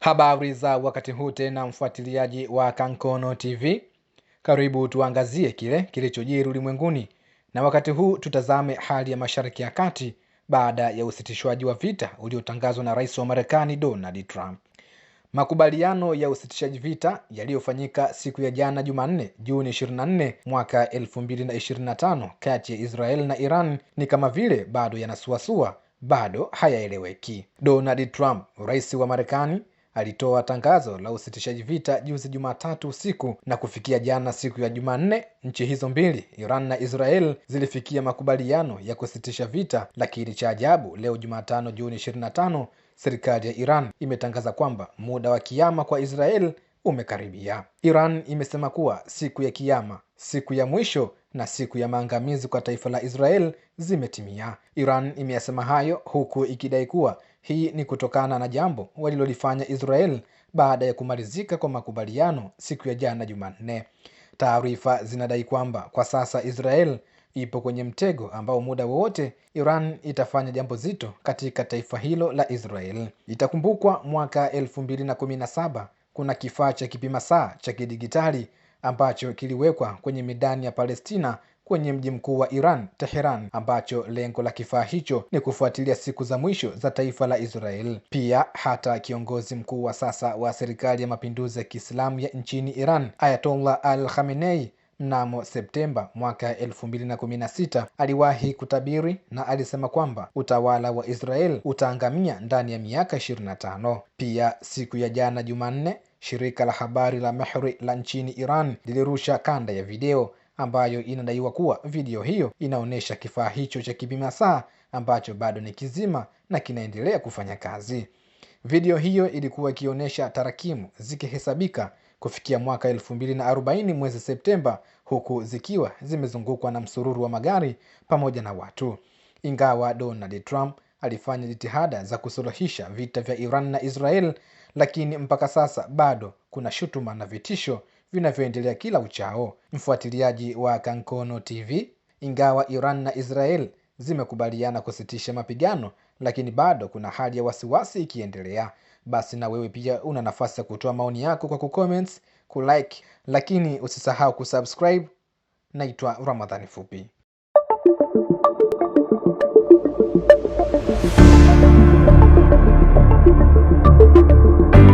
Habari za wakati huu tena, mfuatiliaji wa Kankono TV, karibu tuangazie kile kilichojiri ulimwenguni, na wakati huu tutazame hali ya Mashariki ya Kati baada ya usitishwaji wa vita uliotangazwa na rais wa Marekani Donald Trump. Makubaliano ya usitishaji vita yaliyofanyika siku ya jana Jumanne, Juni 24 mwaka 2025 kati ya Israel na Iran ni kama vile bado yanasuasua, bado hayaeleweki. Donald Trump, rais wa Marekani, alitoa tangazo la usitishaji vita juzi Jumatatu usiku na kufikia jana siku ya Jumanne, nchi hizo mbili Iran na Israel zilifikia makubaliano ya kusitisha vita, lakini cha ajabu leo Jumatano Juni 25 serikali ya Iran imetangaza kwamba muda wa kiama kwa Israel umekaribia. Iran imesema kuwa siku ya kiama, siku ya mwisho na siku ya maangamizi kwa taifa la Israel zimetimia. Iran imeyasema hayo huku ikidai kuwa hii ni kutokana na jambo walilolifanya Israel baada ya kumalizika kwa makubaliano siku ya jana Jumanne. Taarifa zinadai kwamba kwa sasa Israel ipo kwenye mtego ambao muda wowote Iran itafanya jambo zito katika taifa hilo la Israel. Itakumbukwa mwaka 2017 kuna kifaa cha kipima saa cha kidigitali ambacho kiliwekwa kwenye midani ya Palestina kwenye mji mkuu wa Iran, Teheran, ambacho lengo la kifaa hicho ni kufuatilia siku za mwisho za taifa la Israel. Pia hata kiongozi mkuu wa sasa wa serikali ya mapinduzi ya Kiislamu ya nchini Iran, Ayatollah Al Khamenei mnamo Septemba mwaka 2016 aliwahi kutabiri na alisema kwamba utawala wa Israel utaangamia ndani ya miaka 25. Pia siku ya jana Jumanne, shirika la habari la Mehri la nchini Iran lilirusha kanda ya video ambayo inadaiwa kuwa video hiyo inaonyesha kifaa hicho cha kipima saa ambacho bado ni kizima na kinaendelea kufanya kazi. Video hiyo ilikuwa ikionyesha tarakimu zikihesabika kufikia mwaka 2040 mwezi Septemba, huku zikiwa zimezungukwa na msururu wa magari pamoja na watu. Ingawa Donald Trump alifanya jitihada za kusuluhisha vita vya Iran na Israel, lakini mpaka sasa bado kuna shutuma na vitisho vinavyoendelea kila uchao. Mfuatiliaji wa Kankono TV, ingawa Iran na Israel zimekubaliana kusitisha mapigano, lakini bado kuna hali ya wasiwasi ikiendelea. Basi na wewe pia una nafasi ya kutoa maoni yako kwa kucomments, kulike, lakini usisahau kusubscribe. Naitwa Ramadhani Fupi.